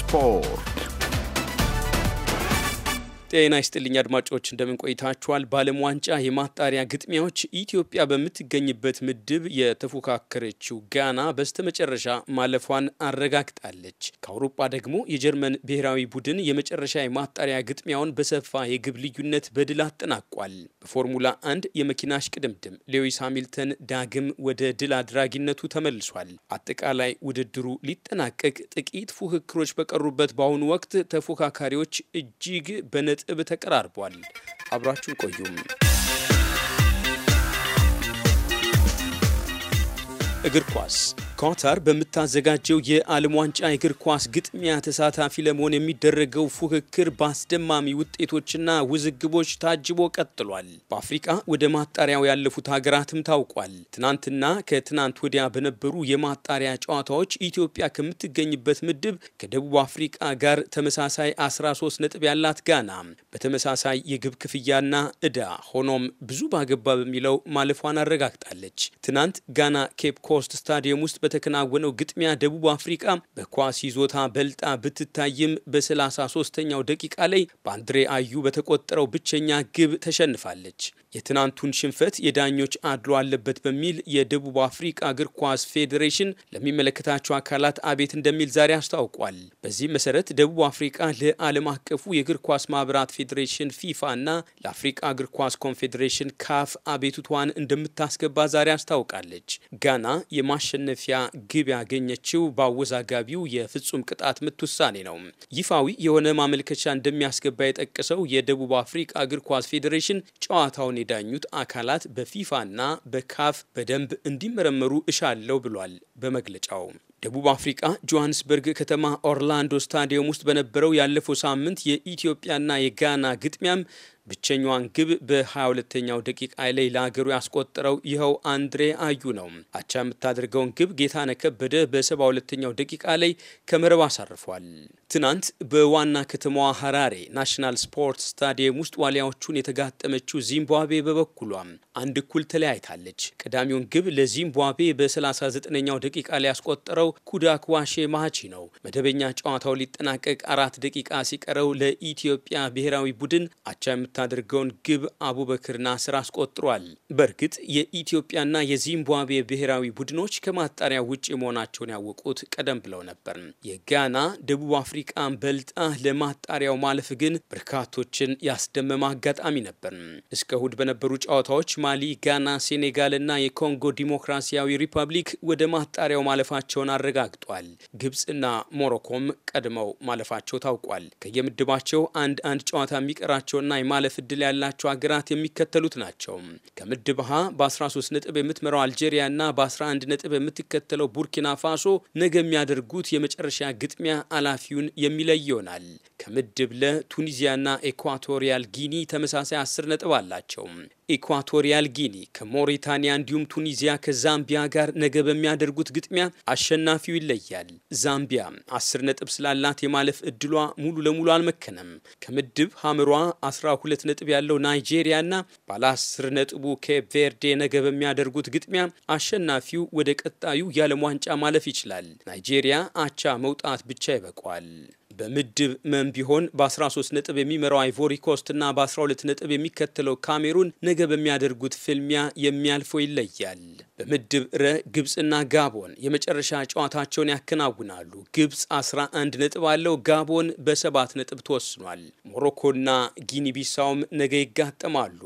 Spor. ጤና ይስጥልኝ አድማጮች፣ እንደምን ቆይታችኋል? በዓለም ዋንጫ የማጣሪያ ግጥሚያዎች ኢትዮጵያ በምትገኝበት ምድብ የተፎካከረችው ጋና በስተመጨረሻ ማለፏን አረጋግጣለች። ከአውሮፓ ደግሞ የጀርመን ብሔራዊ ቡድን የመጨረሻ የማጣሪያ ግጥሚያውን በሰፋ የግብ ልዩነት በድል አጠናቋል። በፎርሙላ አንድ የመኪና ሽቅድምድም ሌዊስ ሃሚልተን ዳግም ወደ ድል አድራጊነቱ ተመልሷል። አጠቃላይ ውድድሩ ሊጠናቀቅ ጥቂት ፉክክሮች በቀሩበት በአሁኑ ወቅት ተፎካካሪዎች እጅግ በነ ነጥብ ተቀራርቧል። አብራችሁን ቆዩም። እግር ኳስ ኳታር በምታዘጋጀው የዓለም ዋንጫ እግር ኳስ ግጥሚያ ተሳታፊ ለመሆን የሚደረገው ፉክክር በአስደማሚ ውጤቶችና ውዝግቦች ታጅቦ ቀጥሏል። በአፍሪቃ ወደ ማጣሪያው ያለፉት ሀገራትም ታውቋል። ትናንትና ከትናንት ወዲያ በነበሩ የማጣሪያ ጨዋታዎች ኢትዮጵያ ከምትገኝበት ምድብ ከደቡብ አፍሪቃ ጋር ተመሳሳይ 13 ነጥብ ያላት ጋና በተመሳሳይ የግብ ክፍያና እዳ ሆኖም ብዙ ባገባ በሚለው ማለፏን አረጋግጣለች። ትናንት ጋና ኬፕ ኮስት ስታዲየም ውስጥ በተከናወነው ግጥሚያ ደቡብ አፍሪካ በኳስ ይዞታ በልጣ ብትታይም በ 33 ደቂቃ ላይ በአንድሬ አዩ በተቆጠረው ብቸኛ ግብ ተሸንፋለች። የትናንቱን ሽንፈት የዳኞች አድሎ አለበት በሚል የደቡብ አፍሪቃ እግር ኳስ ፌዴሬሽን ለሚመለከታቸው አካላት አቤት እንደሚል ዛሬ አስታውቋል። በዚህ መሰረት ደቡብ አፍሪቃ ለዓለም አቀፉ የእግር ኳስ ማህበራት ፌዴሬሽን ፊፋ እና ለአፍሪቃ እግር ኳስ ኮንፌዴሬሽን ካፍ አቤቱቷን እንደምታስገባ ዛሬ አስታውቃለች። ጋና የማሸነፊያ ግብ ያገኘችው በአወዛጋቢው የፍጹም ቅጣት ምት ውሳኔ ነው። ይፋዊ የሆነ ማመልከቻ እንደሚያስገባ የጠቀሰው የደቡብ አፍሪቃ እግር ኳስ ፌዴሬሽን ጨዋታውን ውሳኔ ዳኙት አካላት በፊፋና በካፍ በደንብ እንዲመረመሩ እሻለው ብሏል በመግለጫው። ደቡብ አፍሪቃ ጆሃንስበርግ ከተማ ኦርላንዶ ስታዲየም ውስጥ በነበረው ያለፈው ሳምንት የኢትዮጵያና የጋና ግጥሚያም ብቸኛዋን ግብ በ22ኛው ደቂቃ ላይ ለአገሩ ያስቆጠረው ይኸው አንድሬ አዩ ነው። አቻ የምታደርገውን ግብ ጌታነ ከበደ በ72ኛው ደቂቃ ላይ ከመረብ አሳርፏል። ትናንት በዋና ከተማዋ ሀራሬ ናሽናል ስፖርት ስታዲየም ውስጥ ዋሊያዎቹን የተጋጠመችው ዚምባብዌ በበኩሏ አንድ እኩል ተለያይታለች። ቀዳሚውን ግብ ለዚምባብዌ በ39ኛው ደቂቃ ላይ ያስቆጠረው ኩዳክዋሼ ማቺ ነው። መደበኛ ጨዋታው ሊጠናቀቅ አራት ደቂቃ ሲቀረው ለኢትዮጵያ ብሔራዊ ቡድን አቻ የምታደርገውን ግብ አቡበክር ናስር አስቆጥሯል። በእርግጥ የኢትዮጵያና የዚምባብዌ ብሔራዊ ቡድኖች ከማጣሪያ ውጭ መሆናቸውን ያወቁት ቀደም ብለው ነበር። የጋና ደቡብ አፍሪቃን በልጣ ለማጣሪያው ማለፍ ግን በርካቶችን ያስደመመ አጋጣሚ ነበር። እስከ እሁድ በነበሩ ጨዋታዎች ማሊ፣ ጋና፣ ሴኔጋልና የኮንጎ ዲሞክራሲያዊ ሪፐብሊክ ወደ ማጣሪያው ማለፋቸውን አረጋግጧል። ግብፅና ሞሮኮም ቀድመው ማለፋቸው ታውቋል። ከየምድባቸው አንድ አንድ ጨዋታ የሚቀራቸውና የማለፍ እድል ያላቸው ሀገራት የሚከተሉት ናቸው። ከምድብ ሀ በ13 ነጥብ የምትመራው አልጄሪያ እና በ11 ነጥብ የምትከተለው ቡርኪና ፋሶ ነገ የሚያደርጉት የመጨረሻ ግጥሚያ አላፊውን የሚለይ ይሆናል። ከምድብ ለ ቱኒዚያና ኢኳቶሪያል ጊኒ ተመሳሳይ አስር ነጥብ አላቸው። ኢኳቶሪያል ጊኒ ከሞሪታኒያ እንዲሁም ቱኒዚያ ከዛምቢያ ጋር ነገ በሚያደርጉት ግጥሚያ አሸናፊው ይለያል። ዛምቢያ አስር ነጥብ ስላላት የማለፍ እድሏ ሙሉ ለሙሉ አልመከነም። ከምድብ አስራ 12 ነጥብ ያለው ናይጄሪያና ባለ 10 ነጥቡ ኬፕ ቬርዴ ነገ በሚያደርጉት ግጥሚያ አሸናፊው ወደ ቀጣዩ የዓለም ዋንጫ ማለፍ ይችላል። ናይጄሪያ አቻ መውጣት ብቻ ይበቋል። በምድብ መም ቢሆን በ13 ነጥብ የሚመራው አይቮሪ ኮስትና በ12 ነጥብ የሚከተለው ካሜሩን ነገ በሚያደርጉት ፍልሚያ የሚያልፈው ይለያል። በምድብ ረ ግብፅና ጋቦን የመጨረሻ ጨዋታቸውን ያከናውናሉ። ግብፅ 11 ነጥብ አለው፣ ጋቦን በሰባት ነጥብ ተወስኗል። ሞሮኮና ጊኒ ቢሳውም ነገ ይጋጠማሉ።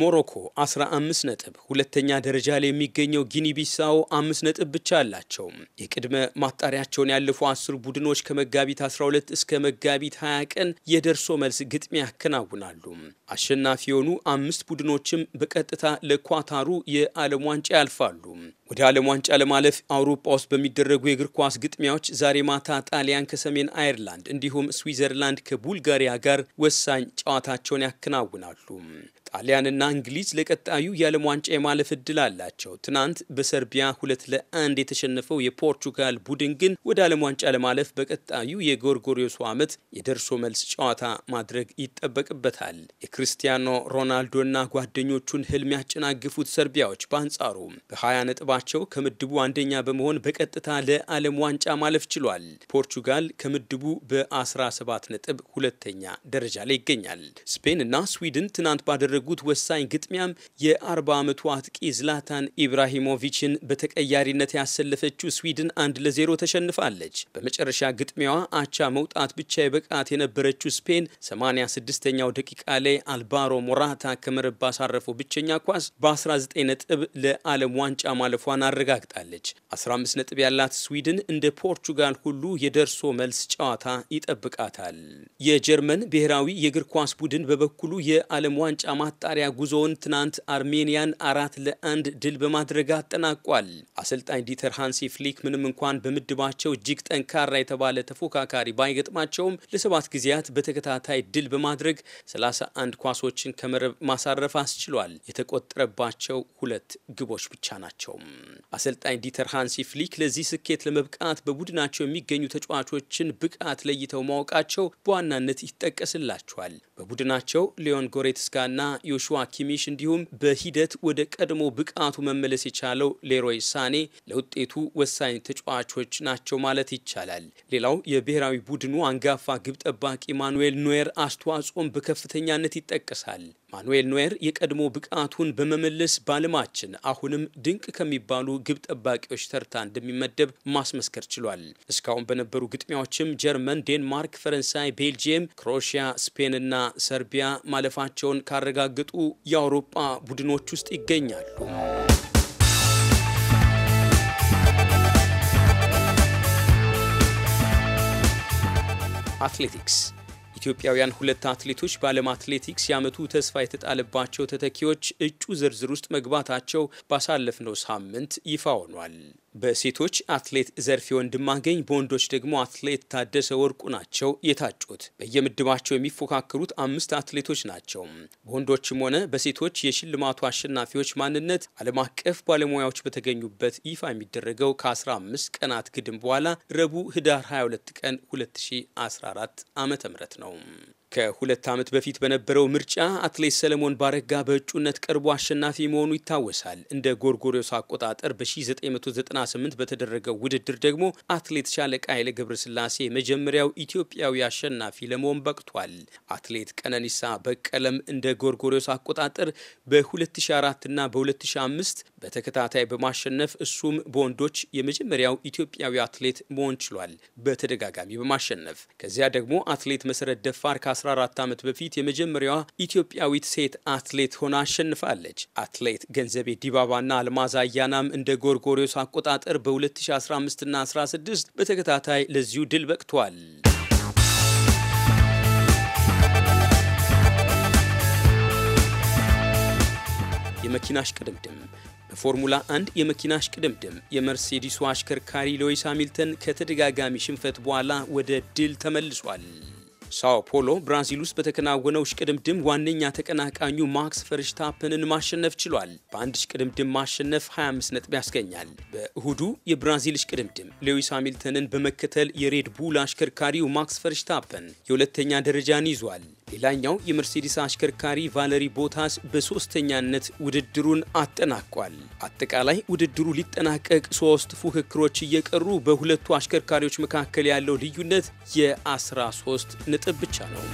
ሞሮኮ 15 ነጥብ ሁለተኛ ደረጃ ላይ የሚገኘው ጊኒቢሳው ቢሳው አምስት ነጥብ ብቻ አላቸው። የቅድመ ማጣሪያቸውን ያለፉ አስር ቡድኖች ከመጋቢት 12 እስከ መጋቢት 20 ቀን የደርሶ መልስ ግጥሚያ ያከናውናሉ። አሸናፊ የሆኑ አምስት ቡድኖችም በቀጥታ ለኳታሩ የዓለም ዋንጫ ያልፋሉ። ወደ ዓለም ዋንጫ ለማለፍ አውሮፓ ውስጥ በሚደረጉ የእግር ኳስ ግጥሚያዎች ዛሬ ማታ ጣሊያን ከሰሜን አይርላንድ እንዲሁም ስዊዘርላንድ ከቡልጋሪያ ጋር ወሳኝ ጨዋታቸውን ያከናውናሉ። ጣሊያንና እንግሊዝ ለቀጣዩ የዓለም ዋንጫ የማለፍ እድል አላቸው። ትናንት በሰርቢያ ሁለት ለአንድ የተሸነፈው የፖርቹጋል ቡድን ግን ወደ ዓለም ዋንጫ ለማለፍ በቀጣዩ የጎርጎሪዮሱ ዓመት የደርሶ መልስ ጨዋታ ማድረግ ይጠበቅበታል። የክርስቲያኖ ሮናልዶና ጓደኞቹን ህልም ያጨናግፉት ሰርቢያዎች በአንጻሩ በሀያ ነጥባቸው ከምድቡ አንደኛ በመሆን በቀጥታ ለዓለም ዋንጫ ማለፍ ችሏል። ፖርቹጋል ከምድቡ በ17 ነጥብ ሁለተኛ ደረጃ ላይ ይገኛል። ስፔን እና ስዊድን ትናንት ባደረ ባደረጉት ወሳኝ ግጥሚያም የ40 ዓመቱ አጥቂ ዝላታን ኢብራሂሞቪችን በተቀያሪነት ያሰለፈችው ስዊድን አንድ ለዜሮ ተሸንፋለች። በመጨረሻ ግጥሚያዋ አቻ መውጣት ብቻ የበቃት የነበረችው ስፔን 86ኛው ደቂቃ ላይ አልባሮ ሞራታ ከመረብ ባሳረፈው ብቸኛ ኳስ በ19 ነጥብ ለዓለም ዋንጫ ማለፏን አረጋግጣለች። 15 ነጥብ ያላት ስዊድን እንደ ፖርቹጋል ሁሉ የደርሶ መልስ ጨዋታ ይጠብቃታል። የጀርመን ብሔራዊ የእግር ኳስ ቡድን በበኩሉ የዓለም ዋንጫ ማ ማጣሪያ ጉዞውን ትናንት አርሜኒያን አራት ለአንድ ድል በማድረግ አጠናቋል። አሰልጣኝ ዲተር ሃንሲ ፍሊክ ምንም እንኳን በምድባቸው እጅግ ጠንካራ የተባለ ተፎካካሪ ባይገጥማቸውም ለሰባት ጊዜያት በተከታታይ ድል በማድረግ 31 ኳሶችን ከመረብ ማሳረፍ አስችሏል። የተቆጠረባቸው ሁለት ግቦች ብቻ ናቸው። አሰልጣኝ ዲተር ሃንሲ ፍሊክ ለዚህ ስኬት ለመብቃት በቡድናቸው የሚገኙ ተጫዋቾችን ብቃት ለይተው ማወቃቸው በዋናነት ይጠቀስላቸዋል። በቡድናቸው ሊዮን ጎሬትስካና ዮሹዋ ኪሚሽ እንዲሁም በሂደት ወደ ቀድሞ ብቃቱ መመለስ የቻለው ሌሮይ ሳኔ ለውጤቱ ወሳኝ ተጫዋቾች ናቸው ማለት ይቻላል። ሌላው የብሔራዊ ቡድኑ አንጋፋ ግብ ጠባቂ ማኑኤል ኖየር አስተዋጽኦን በከፍተኛነት ይጠቀሳል። ማኑኤል ኖየር የቀድሞ ብቃቱን በመመለስ በዓለማችን አሁንም ድንቅ ከሚባሉ ግብ ጠባቂዎች ተርታ እንደሚመደብ ማስመስከር ችሏል። እስካሁን በነበሩ ግጥሚያዎችም ጀርመን፣ ዴንማርክ፣ ፈረንሳይ፣ ቤልጂየም፣ ክሮኤሽያ፣ ስፔን እና ሰርቢያ ማለፋቸውን ካረጋገጡ የአውሮፓ ቡድኖች ውስጥ ይገኛሉ። አትሌቲክስ ኢትዮጵያውያን ሁለት አትሌቶች በዓለም አትሌቲክስ የዓመቱ ተስፋ የተጣለባቸው ተተኪዎች እጩ ዝርዝር ውስጥ መግባታቸው ባሳለፍነው ሳምንት ይፋ ሆኗል። በሴቶች አትሌት ዘርፌ ወንድማገኝ በወንዶች ደግሞ አትሌት ታደሰ ወርቁ ናቸው የታጩት። በየምድባቸው የሚፎካከሩት አምስት አትሌቶች ናቸው። በወንዶችም ሆነ በሴቶች የሽልማቱ አሸናፊዎች ማንነት ዓለም አቀፍ ባለሙያዎች በተገኙበት ይፋ የሚደረገው ከ15 ቀናት ግድም በኋላ ረቡዕ ህዳር 22 ቀን 2014 ዓ ም ነው። ከሁለት ዓመት በፊት በነበረው ምርጫ አትሌት ሰለሞን ባረጋ በእጩነት ቀርቦ አሸናፊ መሆኑ ይታወሳል። እንደ ጎርጎሪዮስ አቆጣጠር በ1990 2018 በተደረገው ውድድር ደግሞ አትሌት ሻለቃ ኃይለ ገብረስላሴ የመጀመሪያው ኢትዮጵያዊ አሸናፊ ለመሆን በቅቷል። አትሌት ቀነኒሳ በቀለም እንደ ጎርጎሪዮስ አቆጣጠር በ2004 እና በ2005 በተከታታይ በማሸነፍ እሱም በወንዶች የመጀመሪያው ኢትዮጵያዊ አትሌት መሆን ችሏል። በተደጋጋሚ በማሸነፍ ከዚያ ደግሞ አትሌት መሰረት ደፋር ከ14 ዓመት በፊት የመጀመሪያዋ ኢትዮጵያዊት ሴት አትሌት ሆና አሸንፋለች። አትሌት ገንዘቤ ዲባባና አልማዝ አያናም እንደ ጎርጎሪዮስ አቆጣ አቆጣጠር በ2015 እና 16 በተከታታይ ለዚሁ ድል በቅቷል። የመኪና እሽቅድምድም በፎርሙላ አንድ የመኪና እሽቅድምድም የመርሴዲሱ አሽከርካሪ ሎዊስ ሃሚልተን ከተደጋጋሚ ሽንፈት በኋላ ወደ ድል ተመልሷል። ሳኦ ፖሎ ብራዚል ውስጥ በተከናወነው እሽቅድምድም ዋነኛ ተቀናቃኙ ማክስ ፈርሽታፕንን ማሸነፍ ችሏል። በአንድ እሽቅድምድም ማሸነፍ 25 ነጥብ ያስገኛል። በእሁዱ የብራዚል እሽቅድምድም ሌዊስ ሃሚልተንን በመከተል የሬድቡል አሽከርካሪው ማክስ ፈርሽታፕን የሁለተኛ ደረጃን ይዟል። ሌላኛው የመርሴዲስ አሽከርካሪ ቫለሪ ቦታስ በሶስተኛነት ውድድሩን አጠናቋል። አጠቃላይ ውድድሩ ሊጠናቀቅ ሶስት ፉክክሮች እየቀሩ በሁለቱ አሽከርካሪዎች መካከል ያለው ልዩነት የ13 ነጥብ ብቻ ነው።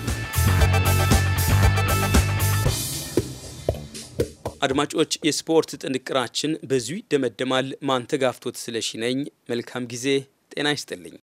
አድማጮች፣ የስፖርት ጥንቅራችን በዚሁ ይደመደማል። ማንተጋፍቶት ስለሺ ነኝ። መልካም ጊዜ። ጤና ይስጥልኝ።